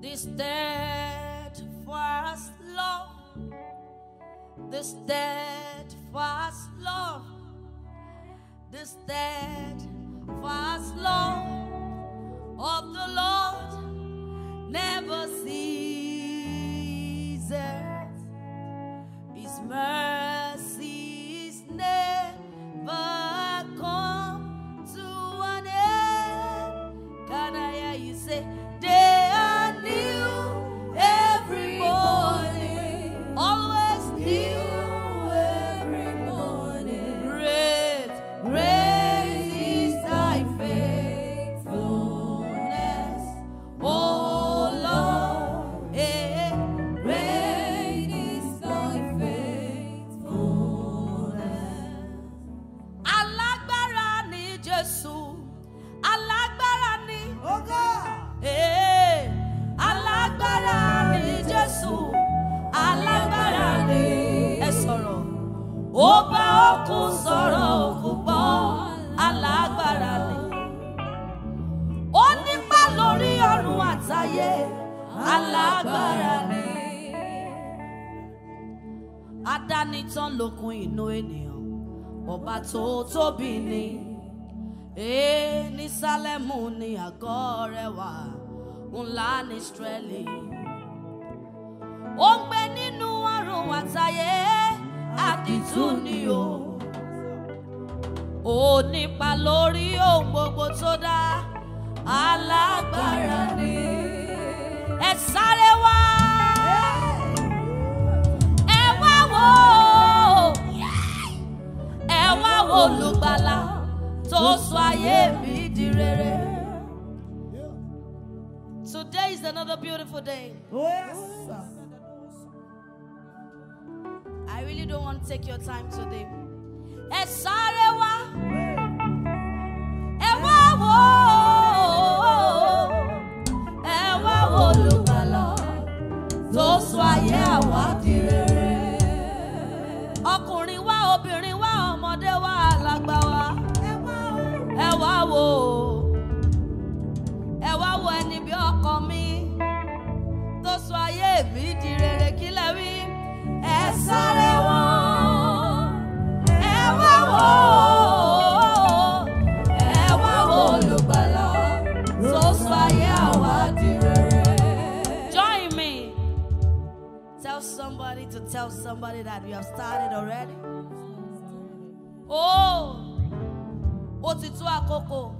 this steadfast love, this steadfast love, this steadfast love of the Lord never ceases. His mercy. dánitán lókun inú ènìyàn ọba tó tóbi ni ee ní sálẹ́mù ni àgọ́ rẹ wà ńlá ní Ísírẹ́lì ó ń gbé nínú ọ̀run àtayé àdìtú ni o ó nípa lórí ohun gbogbo tó dá alágbára ni ẹ sáré wá. olùgbàlà tó sọ ayé mi di Today is another beautiful day. yes. I really don't want to take your time today. Ẹ sáré wá. tell somebody that you have started already. Oh, Otitu Akoko.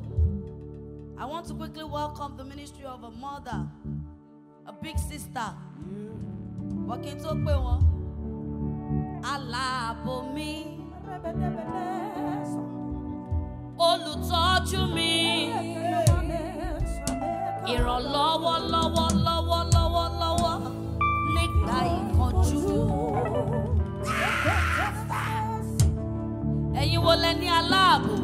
I want to quickly welcome the ministry of a mother, a big sister. Wakin aláàbò me, olùtọ́jú mi ìrànlọ́wọ́ lọ́wọ́ lọ́wọ́ lọ́wọ́ lọ́wọ́ nígbà ìkọjú. ẹ̀yin wo lẹ ní aláàbò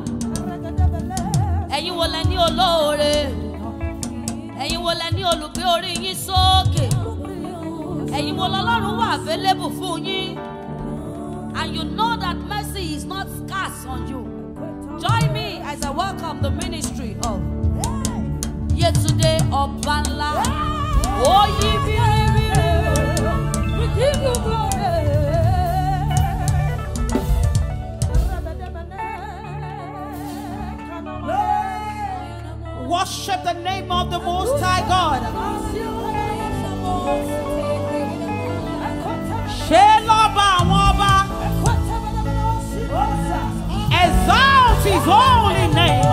ẹ̀yin wo lẹ ní olóore ẹ̀yin wo lẹ ní olùgbé orí yín sókè ẹ̀yin wo lọ́lọ́run wà available fún yín. and you know that mercy is not scarce on you, join me as I welcome the ministry of yesterday of Banla. Oh, ye we give you glory. Worship the name of the Most High God. ṣe lọ́ba àwọn. his holy name.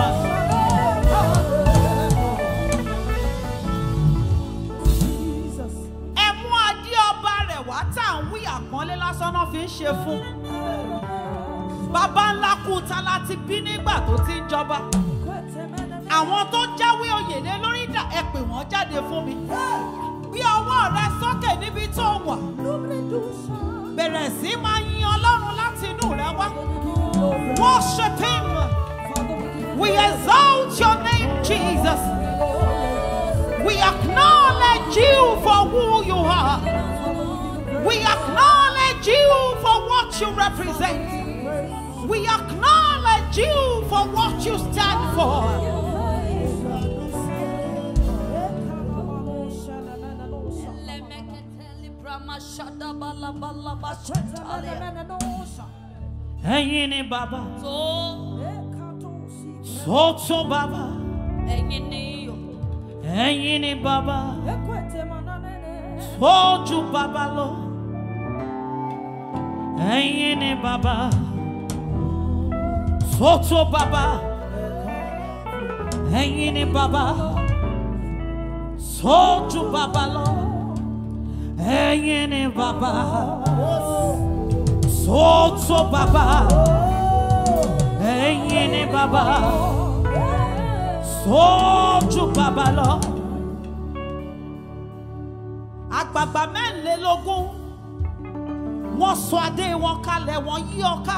àpọ́nlé lásán náà fi ń ṣe fún bàbá ńlá kú ta láti bí nígbà tó ti ń jọba àwọn tó jáwé oyè lé lórí ìdá ẹ pè wọ́n jáde fún mi gbé ọwọ́ rẹ sókè níbi tó wà bẹ̀rẹ̀ sí máa yin ọlọ́run láti inú rẹ wá. Worship Him. We exalt your name, Jesus. We acknowledge you for who you are. We acknowledge you for what you represent. We acknowledge you for what you stand for. Shut up, ẹ̀yin bàbá so, bàbá ẹ̀yin bàbá sójú bàbá lọ so, bàbá sọ́tún bàbá so, bàbá sójú bàbá lọ ẹ̀yin bàbá. Toto Baba, Eyini Baba, Soju Baba lọ. Àgbààgbà mẹ́rìnlélógún, wọ́n sọ adé wọn kalẹ̀ wọ́n yí ọká.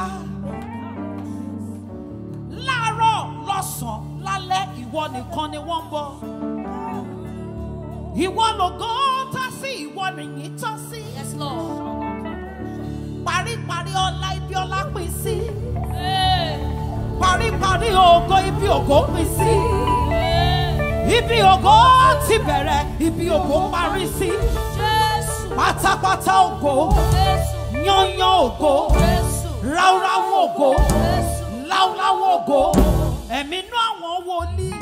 Láàárọ̀ lọ́sàn-án lálẹ́ ìwọ nìkan ni wọ́n ń bọ̀. Ìwọ lògó tán sí, ìwọ nìyí tán sí. Yes, Lord paríparí ọlá ibi ọlá pín sí paríparí ògo ibi ògo pín sí ibi ògo ti bẹ̀rẹ̀ ibi ògo parí sí pátápátá ògo yanyan ògo ráúráú ògo láúláú ògo ẹ̀mí inú àwọn wòlíì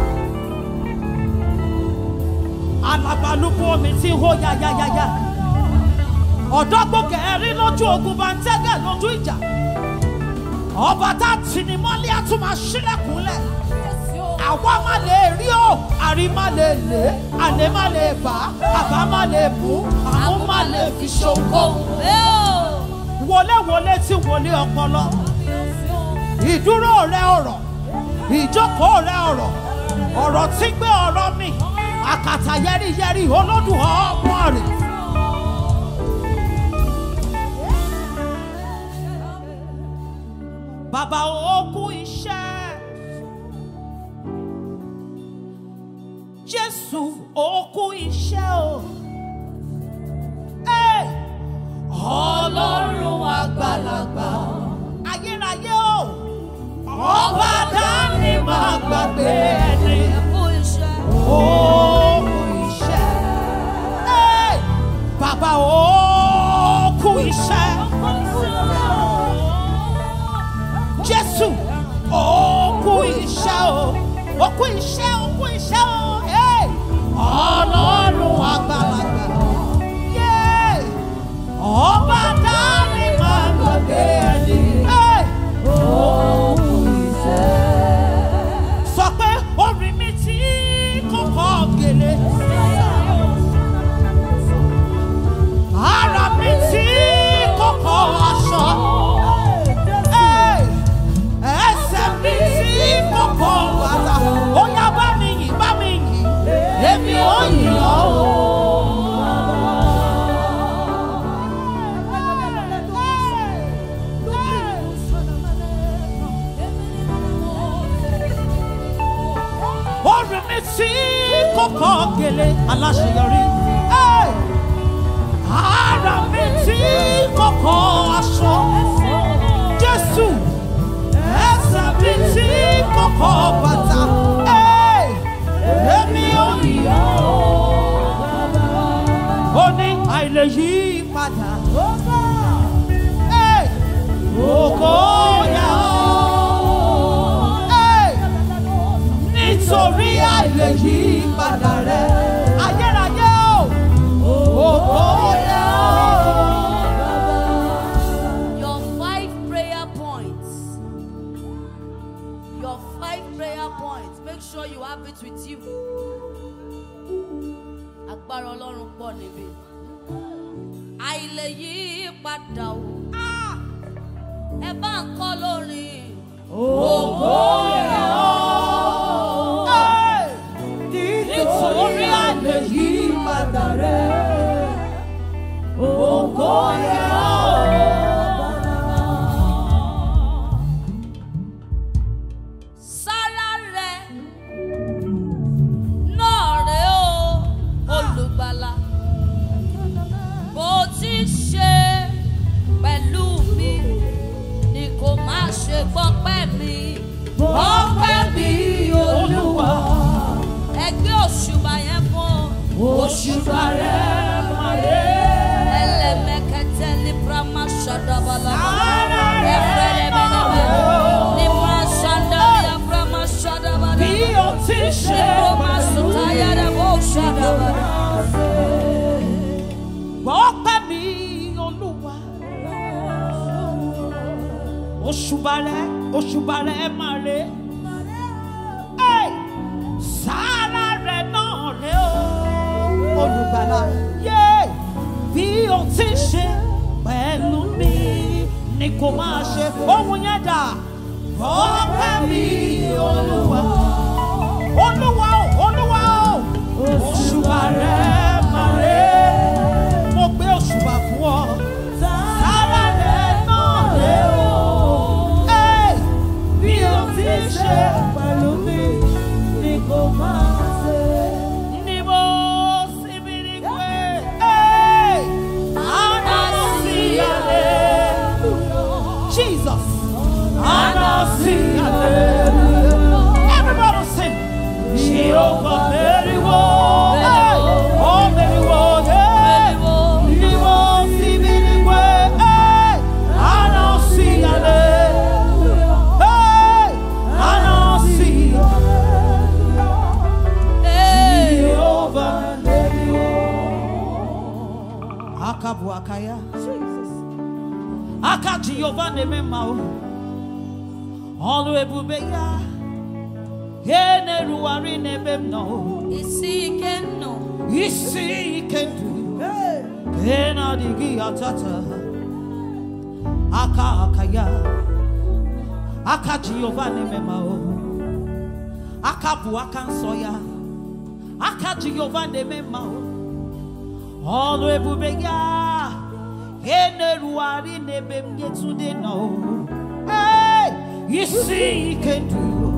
alabalúkú omi tí ń hó yáyáyáyá ọ̀dọ́gbò kẹrin lójú ogun bá ń tẹ́gẹ̀ lójú ìjà ọba tá a tì ní mọ́lẹ́ á tún máa ṣílẹ̀kùnlẹ̀ àwa má lè rí o àrí má lè lè àlè má lè bà àbá má lè bù àwọn má lè fi ṣoko wọléwọlé tí wọlé ọpọlọ ìdúró rẹ ọ̀rọ̀ ìjókòó rẹ ọ̀rọ̀ ọ̀rọ̀ tí gbé ọ̀rọ̀ mi àkàtà yẹriyẹri olódùn ọmọ rẹ. Baba òkú iṣẹ́. Jésù òkú iṣẹ́ o. Ọlọ́run àgbàlagbà. Ayérayé o. Ọba dání máa gbàgbé ẹni. Òkú iṣẹ́. Bàbá iṣẹ́ o ó kú iṣẹ́ ó kú iṣẹ́ o ọlọ́run àgbàlagbà ọba tó. aláṣeyọrí. ara mi tí kọ́kọ́ aṣọ Jésù ẹsẹ̀ mi tí kọ́kọ́ bàtà èmi ò yíyá ó ní àìlè yí padà. Ògo yà ọ́ nítorí àìlè yí. agbára ọlọ́run pọ̀ níbí àìlè yí padà o ẹ bá ń kọ́ lórin ògo rẹ̀ ọ́ nítorí àìlè yí padà rẹ̀ ògo rẹ̀. oshubale, rẹ̀ máa lé. Ẹlẹ́mẹ̀kẹtẹ ní Brahma Ṣadabala. Sára rẹ̀ máa wò. Ní Brahma Ṣadabala Brahma Ṣadabala. Bí o ti ṣe pẹ̀lú ìwúra rẹ̀. Gbọ́pẹ́ mi Olúwa. Òṣùbà rẹ̀ Òṣùbà rẹ̀ máa lé. àgbàlá. bí o ti ṣe pẹ̀lú mi ni kò máa ṣe ohun yẹn dà. ọpẹ́ mi olúwa. olúwa o olúwa o. òṣùbà rẹ̀ màrè. Akaya, Aka Jehovah neme mao. Olu ebube ya. He ne ruari nebem no. Isi kendo. Isi kendo. Kena digi atata. Aka akaya. Aka Jehovah neme mao. Aka buaka soya. Aka Jehovah neme mao. Olu ebube ya. Eneruari nebe mietude no. Hey, you see you can do.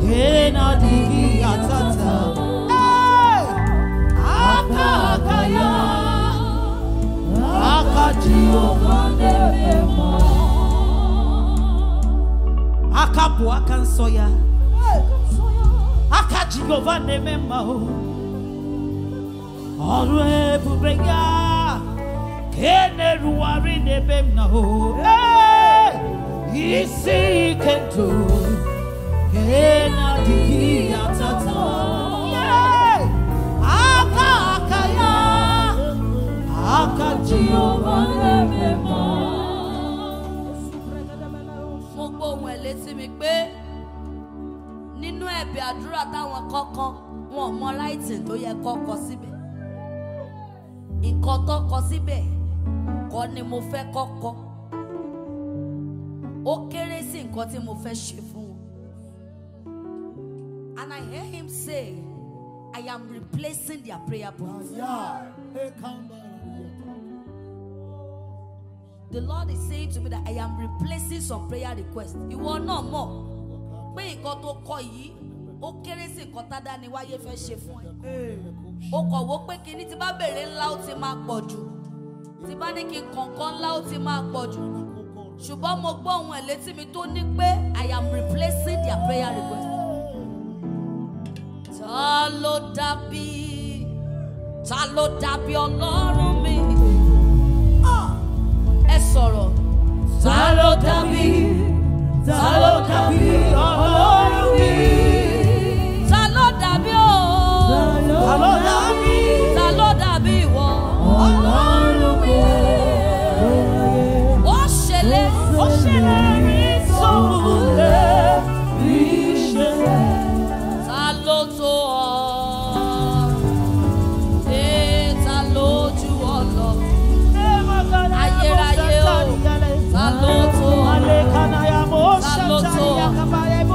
Enadi atata. Hey, akakaya. Akajio wanebemo. Akapu akansoya. Akajio vanememo. ene ruari ne bem na ho eh, isi kento ena di atata eh, aka akaya aka jehova lebe mo. mo gbọ́ ohun ẹ̀ létí mi pé nínú ẹ̀bẹ̀ àdúrà táwọn kọ̀ọ̀kan wọn mọ láìtì tó yẹ kọ́kọ́ síbẹ̀ nǹkan tó kọ síbẹ̀ kọ́ ni mo fẹ́ kọ́kọ́ ó kéré sí tí mo fẹ́ ṣe and I hear him say I am replacing their prayer points. The Lord is saying to me that I am replacing some prayer requests. want no more yìí ó kéré sí nǹkan tá a dá ni wáyé fẹ́ ṣe fún ẹ. O kere si nnkan ta da ni waye fe se fun eo ko wo pé kinní tí bá bèrè ńlá ó ti máa o ti tí bá ní kí kọ̀ọ̀kan ńlá ó ti máa pọ̀ jù ṣùgbọ́n mo gbọ́ ohun ẹ̀ létí mi tó ní pé I am replacing their prayer request. ta ló dàbí ta ló dàbí ọlọ́run mi ẹ sọ̀rọ̀ ta ló dàbí ta ló dàbí ọlọ́run mi.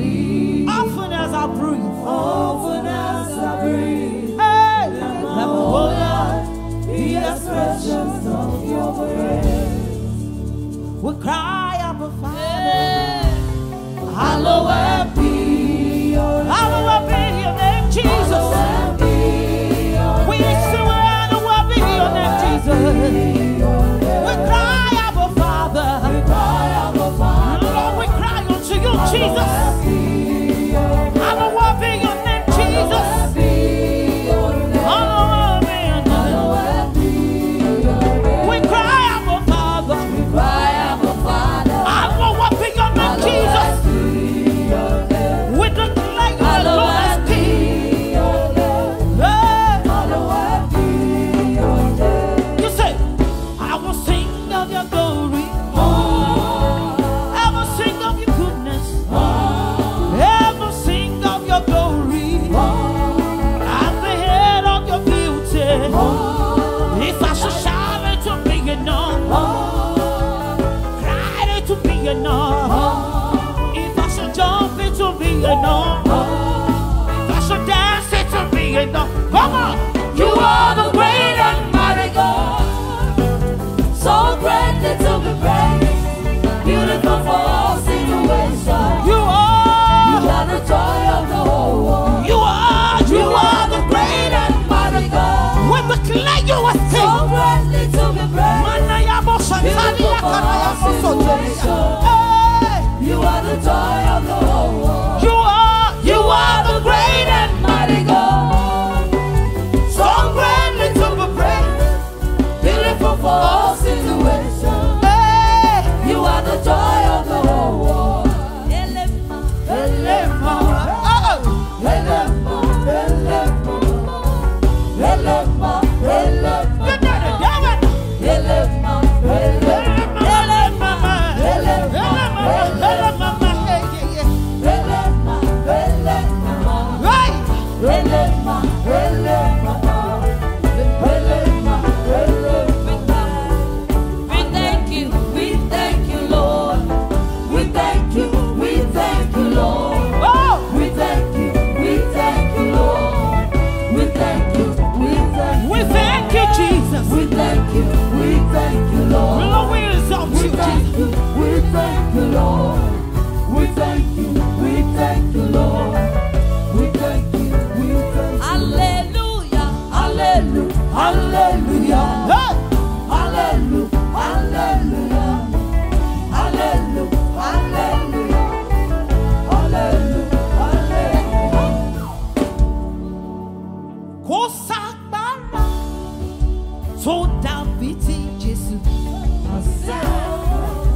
Often as I breathe. Often as I breathe. Hey. Let my whole life be expressions of your praise. We cry, Abba Father. Hallowed. Come You are the great and mighty God. So greatly to be praised. Beautiful for You are. You are the joy of the whole world. You are. You, are, the great and mighty God. When you So greatly to be praised. Beautiful for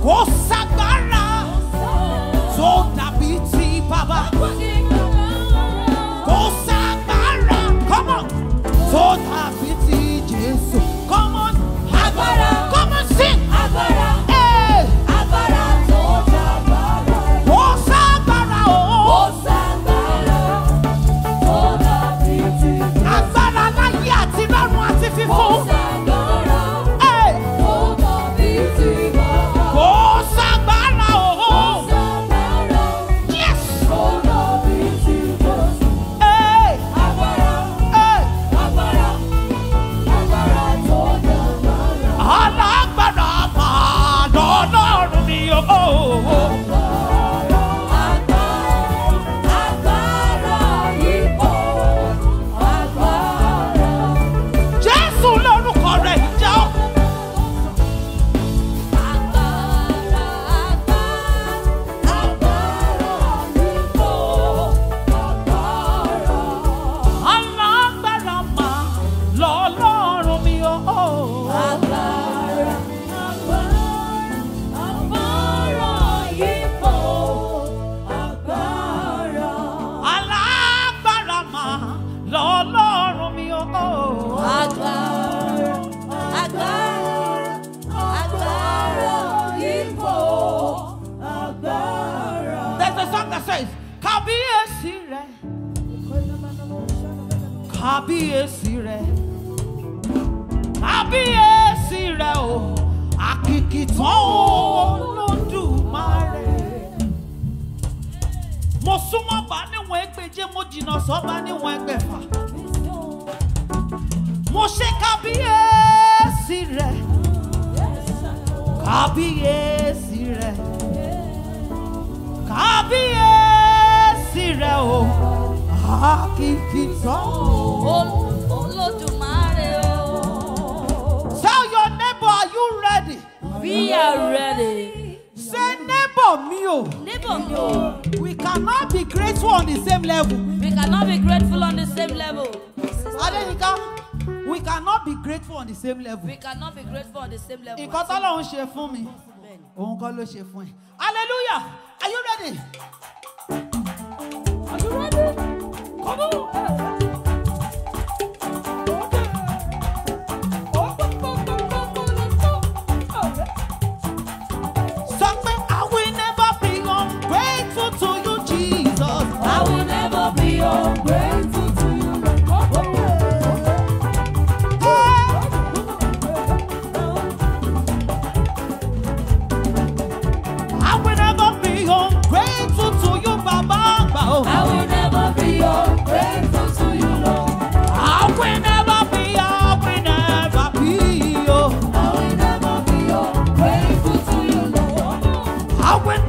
gospel. kábíyèsí rẹ kábíyèsí rẹ o àkìkìtàn Olódùmarè mo súnmọ́ bá níwọ̀n ẹgbẹ̀je mo jìnnà sọ́ba níwọ̀n ẹgbẹ̀fà mo ṣe kábíyèsí rẹ kábíyèsí rẹ kábíyèsí rẹ o kìkì sàn. Olódùmarè Tell your neighbor are you ready? We are ready. Say neighbor mi o. Neighbor mi o. We cannot be grateful on the same level. We cannot be grateful on the same level. Adéyínká. We cannot be grateful on the same level. We cannot be grateful on the same level. Nǹkan t'Ọlọ́run ṣe fún mi, òun kọ́ ló ṣe fún ẹ. Hallelujah! Are you ready? Are you ready? Como? I went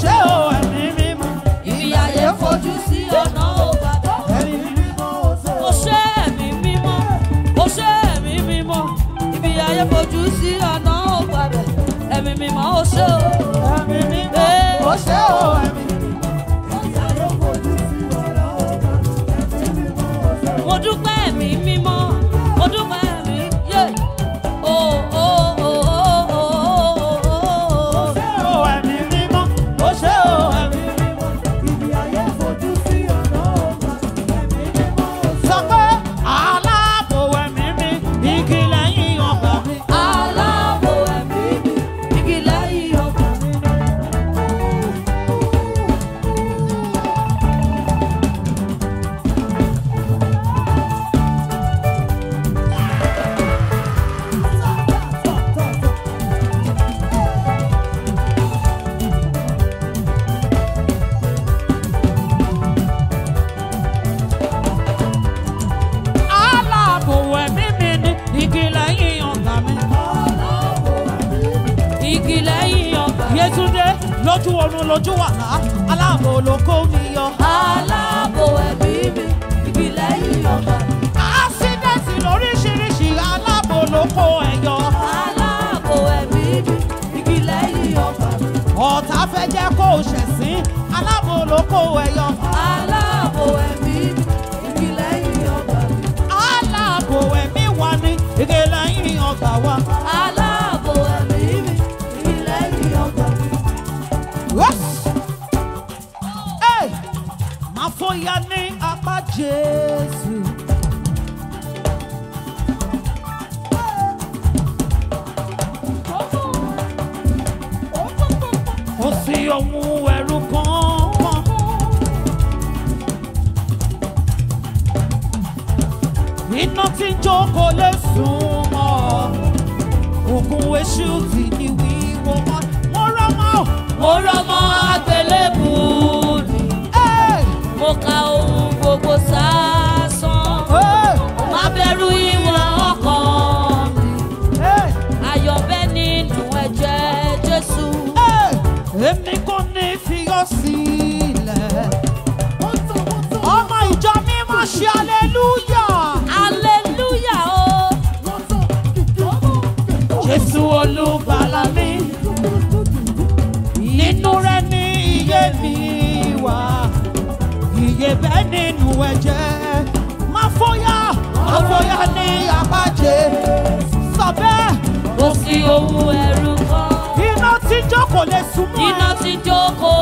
ṣé o ẹ̀mí mímọ́. ìyá yẹn fojú sí ọ̀nà o bàbá. ẹ̀mí mímọ́ o ṣé ẹ̀mí mímọ́. o ṣé ẹ̀mí mímọ́. ibi ìyá yẹn fojú sí ọ̀nà o bàbá. ẹ̀mí mímọ́ o ṣé o. ẹ̀mí mímọ́ eh. o ṣé o ẹ̀mí. olóko ẹ̀yọ. aláàbò ẹ̀mí igi lẹ́yìn ọgbà ni igi lẹ́yìn ọgbà wa. aláàbò ẹ̀mí mi igi lẹ́yìn ọgbà mi. máa truth ni wíwọ́ mọ́. rọ́mọ́, mo rọ́mọ́. rẹ̀ nínú ẹ̀jẹ̀. Má fóyà, má fóyà ní apájẹ. Sọ bẹ́ẹ̀. Kò sí owó ẹrú kan. Iná tí kò lè súnmọ́ ẹ. Iná tí jó kò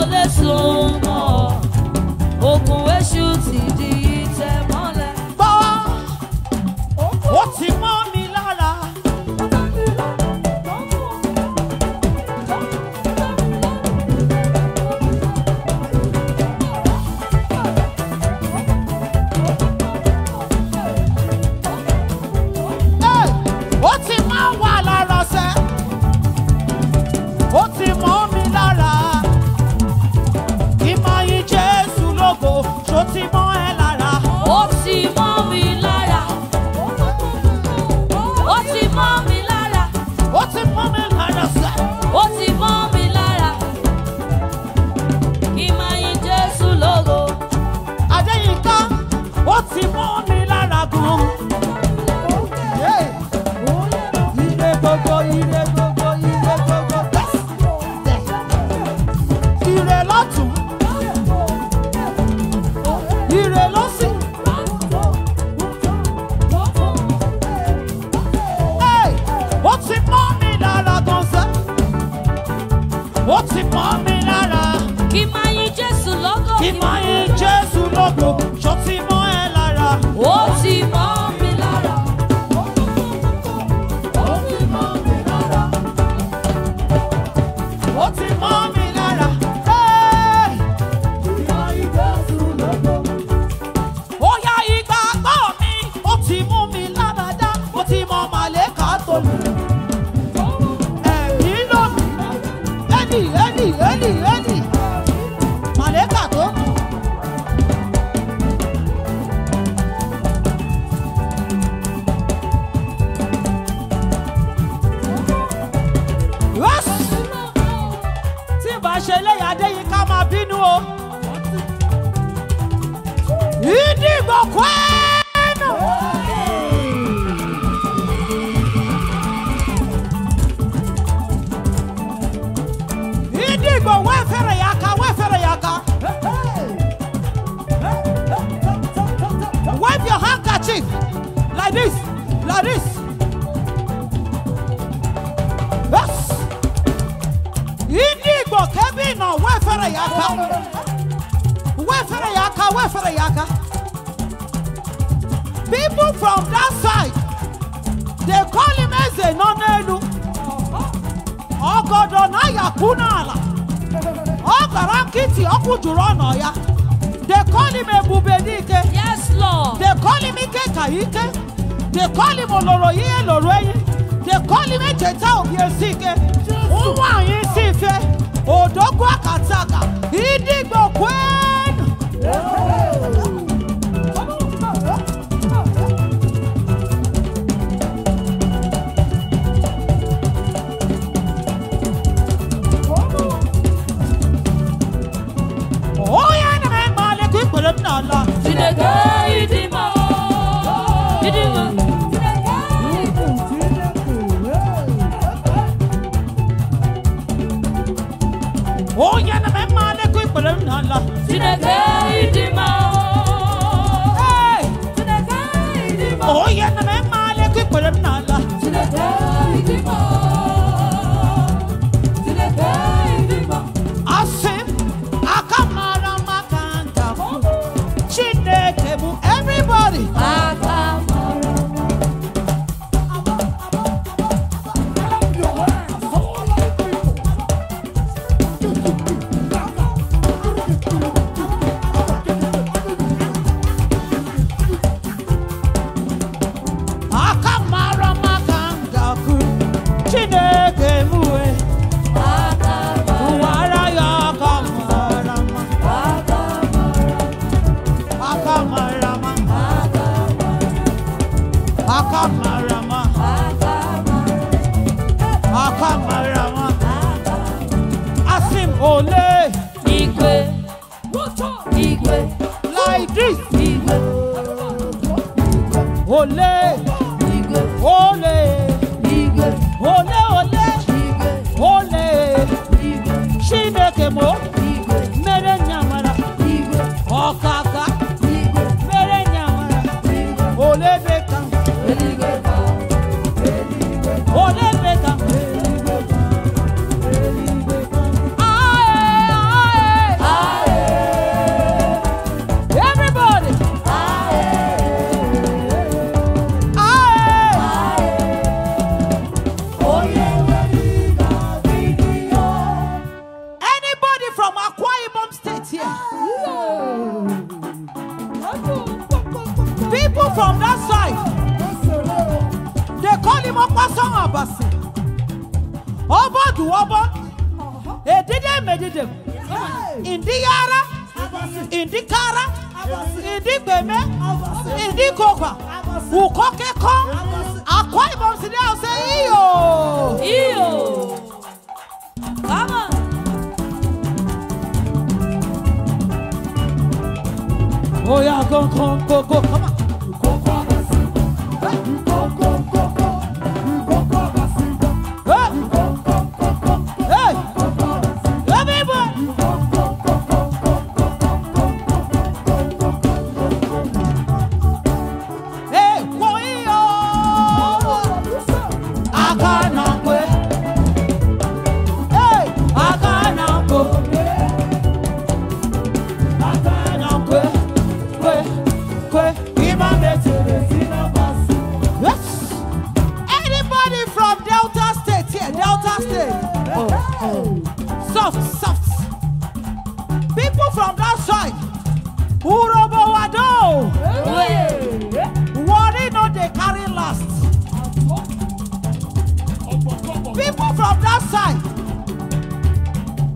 that side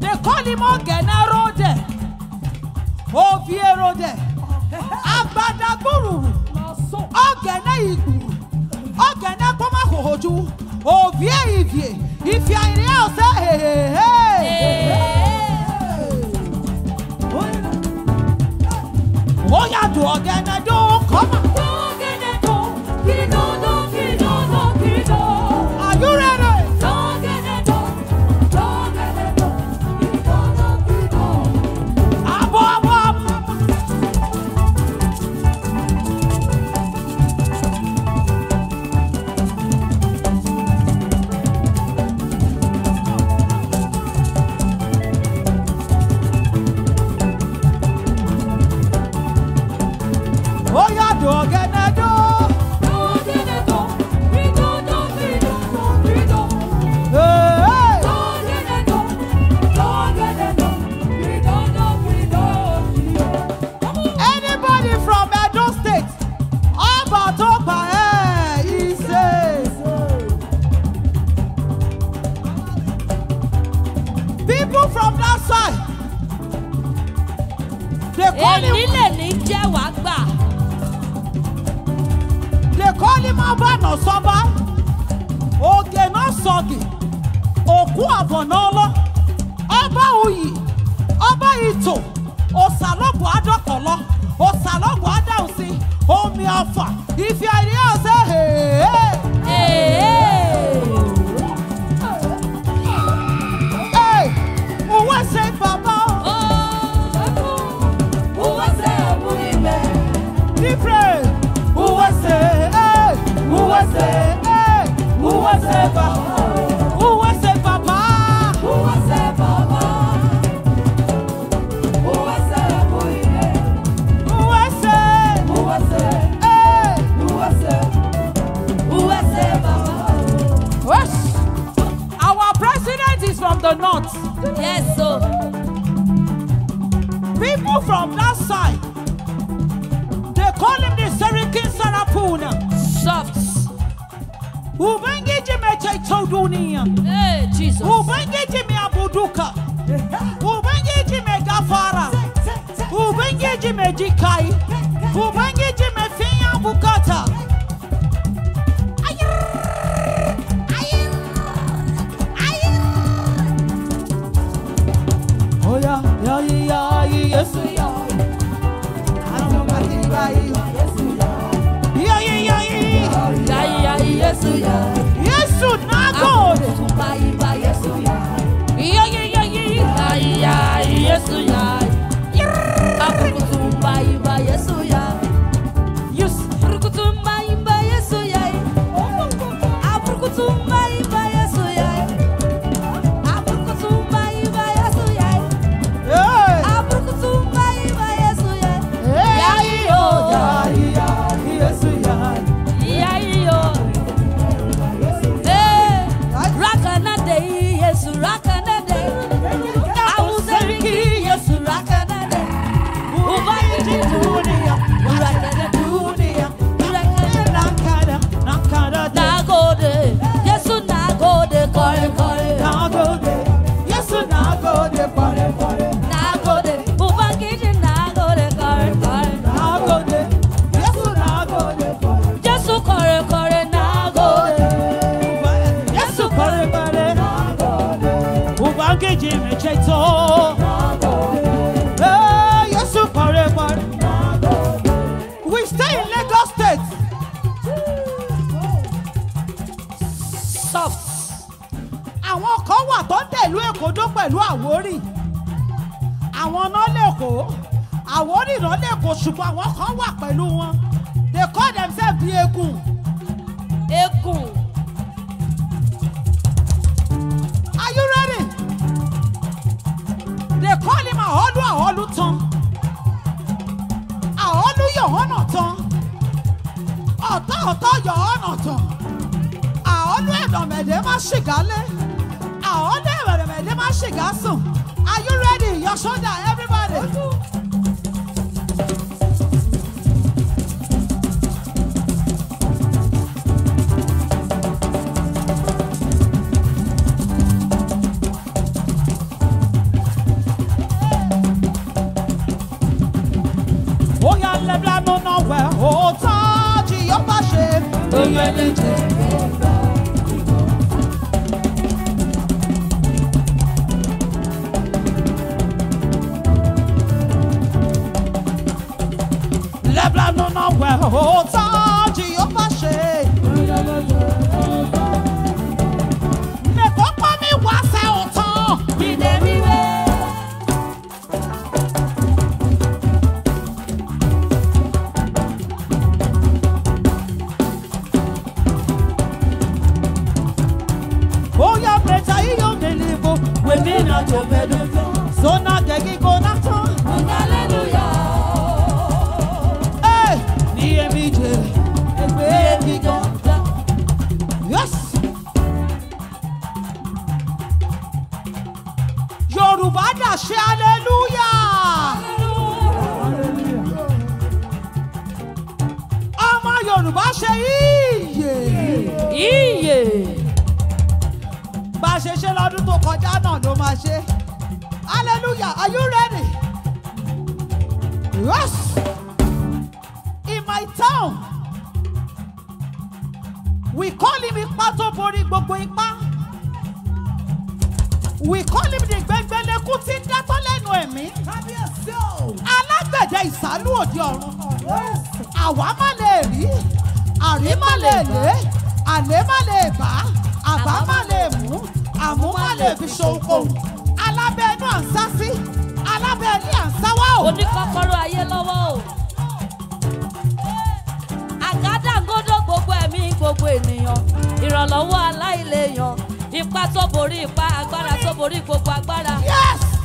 they call him Ogena Rode Ovie Rode Agbadagburu Ogena Igburu Ogene Kpomahohoju Ovie Ivie Ifia Irie Ose hehehe. Oya do Ogena do come to osalogwu adọkọlọ osalogwu adausi omi ọfà ife ẹni ọsẹ from that side. They call him the Serikin Sarapuna. Softs. Ubangiji mechechodunia. Hey, Jesus. Ubangiji meabuduka. Ubangiji megafara. Ubangiji mejikai. Ubangiji Yesu nago. Iya iya iya iya. Yesu ya. Aku tumbai We call him Ipa tó borí gbogbo ipá. We call him the gbẹgbẹlẹkú tí ń dátọ́ lẹ́nu ẹ̀mí. Alágbẹ̀dẹ ìsálú òde ọ̀run. Àwa má lè rí, àrí má lè lé, àlé má lè bá, àbá má lè mú, àmú má lè fi ṣohunkóhun. Alábẹ́ à ń sá sí, alábẹ́ à ń sá o. Oníkọ́kọ́rọ́ ayé lọ́wọ́ o. gbogbo ènìyàn ìrànlọ́wọ́ aláìléèyàn ipá tó borí ipá agbára tó borí gbogbo agbára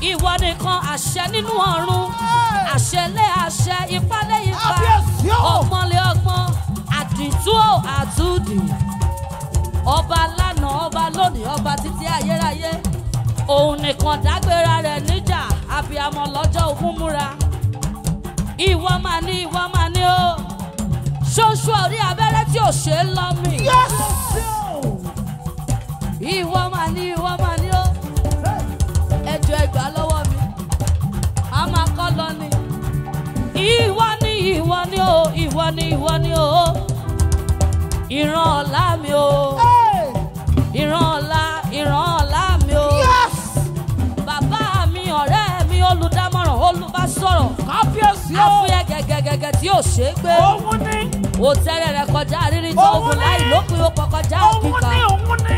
ìwọ nìkan àṣẹ nínú ọ̀run àṣẹ lé àṣẹ ipá lé ipá ọgbọ́n lé ọgbọ́n àdìtú àtúndì ọba lánàá ọba lónìí ọba títí ayérayé òun nìkan dágbéra rẹ̀ níjà abiyamọ lọ́jọ́ ogún múra ìwọ máa ní ìwọ máa ní o ṣoṣo orí abẹ́rẹ́ tí ò ṣe é lọ mi. ìwọ mà ní ìwọ mà ní ó ẹjọ ẹgbàá lọ́wọ́ mi a máa kọ́ lọ ni. ìwọ ni ìwọ ni ó ìwọ ni ìwọ ni ó ìran ọ̀la mi ó ìran. kábíyèsí o. afúyẹ́ gẹ́gẹ́gẹ́gẹ́ tí yóò ṣe é gbé. òun ni. òtẹ́rẹ̀ rẹ̀ kọjá rírí tó ogun láì lópin ó kọjá òkìkà. òun ni òun ni.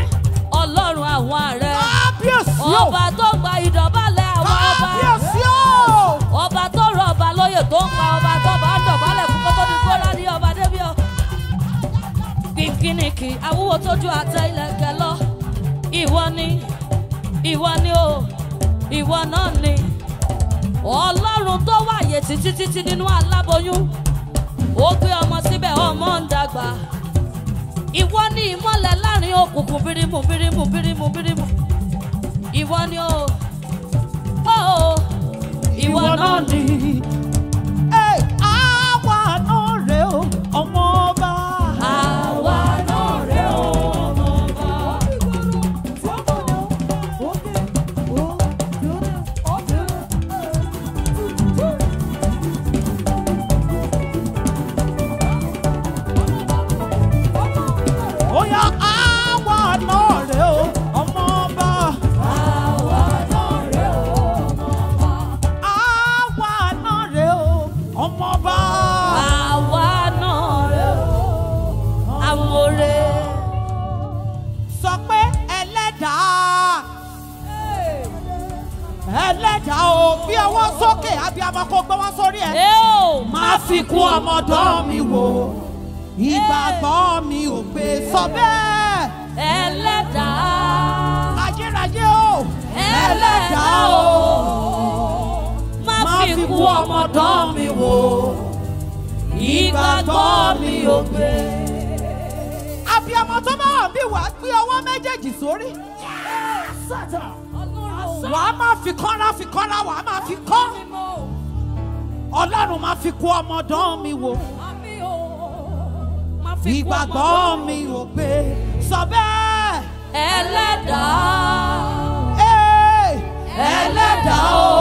ọlọ́run àwọn ààrẹ. kábíyèsí o. Oh. ọba tó gba ìdọ̀bálẹ̀ àwọn ọba. kábíyèsí o. Oh. ọba tó rọ ọba lóyè tó ń pa ọba tó bá ń dọ̀bálẹ̀ fún kótó ní kóra ní ọba débi ọ. kìkìnìkì awúwo tójú àtẹ ilẹ̀kẹ̀ lọ. ìwọ ni ìwọ ni o ìwọ náà ni. ọlọ́run tó wáyé títí títí nínú aláboyún ó gbé ọmọ síbẹ̀ ọmọ ń dàgbà ìwọ ni ìmọ́lẹ̀ láàrin òkùnkùn birimu birimu birimu bírímù ìwọ ni o ìwọ náà ni. àsìkò ọmọdọ́ mi wò ìgbàgbọ́ mi ò pé sọ bẹ́ẹ̀. ẹlẹ́dàá. ajérajé o. ẹlẹ́dàá o. má fi kú ọmọdọ́ mi wò ìgbàgbọ́ mi ò pé. àbíọmọ tó bá wà bí wàá gbé ọwọ́ méjèèjì sórí. wàá máa fi kọ́ra fi kọ́ra wàá máa fi kọ́ ọlọ́run máa fi kó ọmọdán mi wò ìgbàgbọ́ mi ò pé sọ bẹ́ẹ̀. ẹlẹ́dàá ẹlẹ́dàá o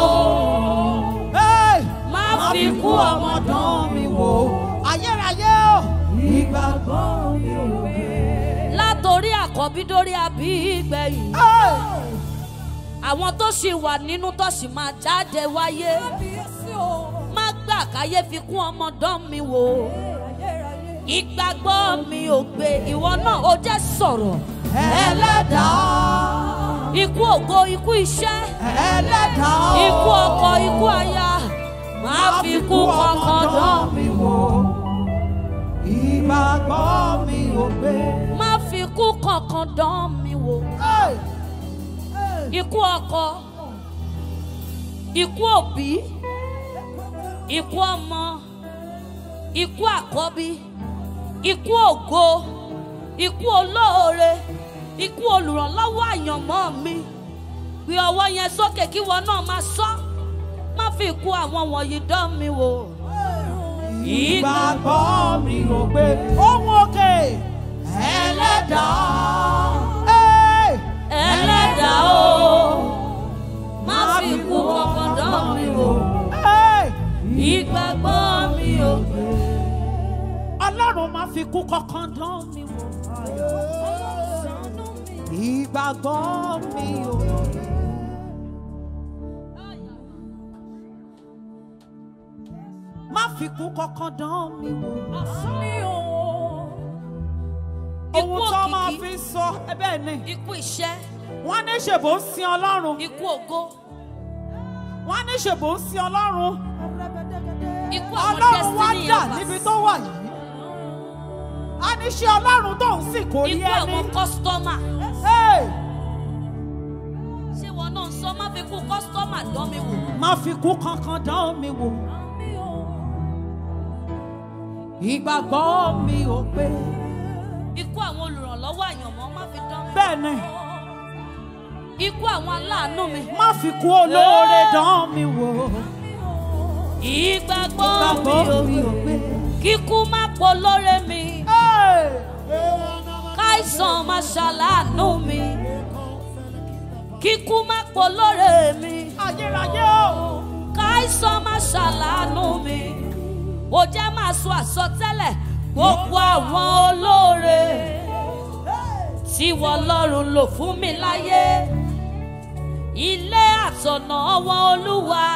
máa fi kó ọmọdán mi wò ayérayé o ìgbàgbọ́ mi ò pé. látòrí àkọ́bí dórí àbí ìgbẹ̀yìn àwọn tó ṣì wà nínú tó ṣì máa jáde wáyé gbà káyé fi kún ọmọdán mi wò ìgbàgbọ́ mi ò gbé ìwọ náà ó jẹ́ sọ̀rọ̀ ẹlẹ́dàá ikú ògo ikú iṣẹ́. ẹlẹ́dàá ikú ọkọ ikú aya. máa fi kú ọkàn dán mi wò. ìgbàgbọ́ mi ò gbé. máa fi kú kankan dán mi wò. ikú ọkọ ikú òbí ikú ọmọ ikú àkọ́bí ikú ògo ikú olóore ikú olùrànlọ́wọ́ àyànmọ́ mi gbé ọwọ́ yẹn sókè kí wọn náà máa sọ má fi ikú àwọn wọ̀nyí dán mi wò. ìgbàgbọ́ mi ò gbé ohun òkè ẹlẹ́dàá ẹlẹ́dàá o má fi ikú kankan dán mi wò ìgbàgbọ́ mi ò gbé. ọlọ́run máa fi kú kankan dán mi wò. ìgbàgbọ́ mi ò gbé. má fi kú kankan dán mi wò. àsán mi ò ohun tó máa fi sọ bẹ́ẹ̀ ni. ikú iṣẹ́. wọ́n ní ṣèbò ń sin ọlọ́run. ikú ògo. wọ́n ní ṣèbò ń sin ọlọ́run ọlọ́run wá jà níbi tó wà yìí a ní ṣe ọlọ́run tó ń sìn kò rí ẹni. ikú àwọn kọ́sítọ́mà. ṣé wọn náà sọ má fi kú kọ́sítọ́mà dán mi wò. má fi kú kankan dán mi wò. ìgbàgbọ́ mi ò pé. ikú àwọn olùrànlọ́wọ́ àyànmọ́ má fi dán mi wò. bẹ́ẹ̀ ni ikú àwọn aláàánú mi. má fi kú olóore dán mi wò ìgbàgbọ́ mi ò gbé kíkú má pọ̀ lórí mi káìsàn má ṣàlàánú mi kíkú má pọ̀ lórí mi káìsàn má ṣàlàánú mi ó jẹ́ máa sọ àsọtẹ́lẹ̀ gbogbo àwọn olóore tí wọ́n lọ́rùn lò fún mi láyé ilé àtọ̀nà wọn olúwa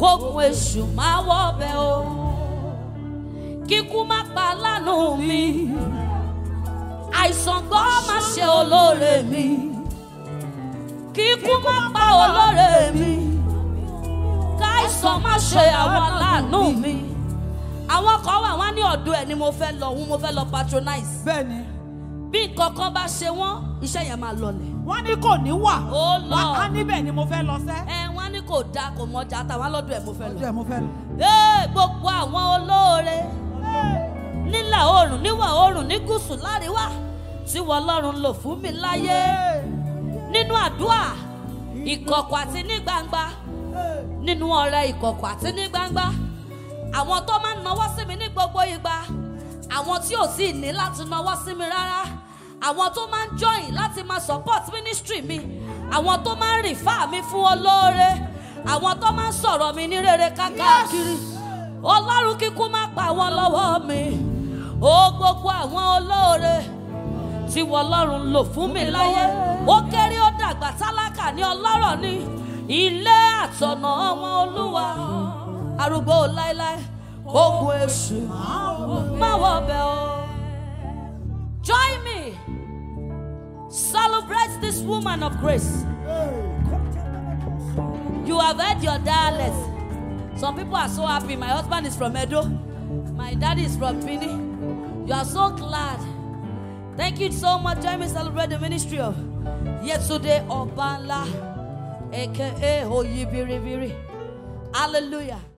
kógun èṣù má wọ́bẹ̀ o kíkú má pa lánà mi àìsàn gbọ́ má ṣe olóore mi kíkú má pa olóore mi káìsàn má ṣe àwọn aláàánú mi àwọn kan wà wọ́n ní ọ̀dọ̀ ẹ̀ ni mo fẹ́ lọ òun mo fẹ́ lọ patronize. bẹ́ẹ̀ni bí nǹkankan bá ṣe wọ́n iṣẹ́ yẹn máa lọlẹ̀. wọ́n ní kò ní wà wọ́n á níbẹ̀ ni mo fẹ́ lọ sẹ́. ẹ kò da kò mọ̀jà tàwa lọ́dọ̀ ẹ̀ mo fẹ́ lọ. ee gbogbo àwọn olóore nílà oòrùn níwà oòrùn ní gúúsù láríwá tí wọ́n lọ́rùn lò fún mi láyé nínú àdúrà ìkọ̀kọ̀ àti ní gbangba nínú ọ̀rẹ́ ìkọ̀kọ̀ àti ní gbangba àwọn tó máa ń nawọ́ sí mi ní gbogbo ìgbà àwọn tí ò sì ní láti nawọ́ sí mi rárá àwọn tó máa ń join láti máa support ministry mi àwọn tó máa ń rìfà mi fún olóore àwọn tó máa ń sọ̀rọ̀ mi ní rere káàkiri ọlọ́run kíkún má pa wọn lọ́wọ́ mi ó gbogbo àwọn olóore tí wọlọ́run lò fún mi láyé ó kéré ó dàgbà tálákà ní ọlọ́rọ̀ ní ilé àtọ̀nà ọmọ olúwa arúgbó láéláé ogun èṣù má wọ bẹ̀ o. join me celebrate this woman of grace. Hey. You have heard your dialects. Some people are so happy. My husband is from Edo. My daddy is from Bini. You are so glad. Thank you so much. Join me celebrate the ministry of Yesterday Obanla, aka Biri. Hallelujah.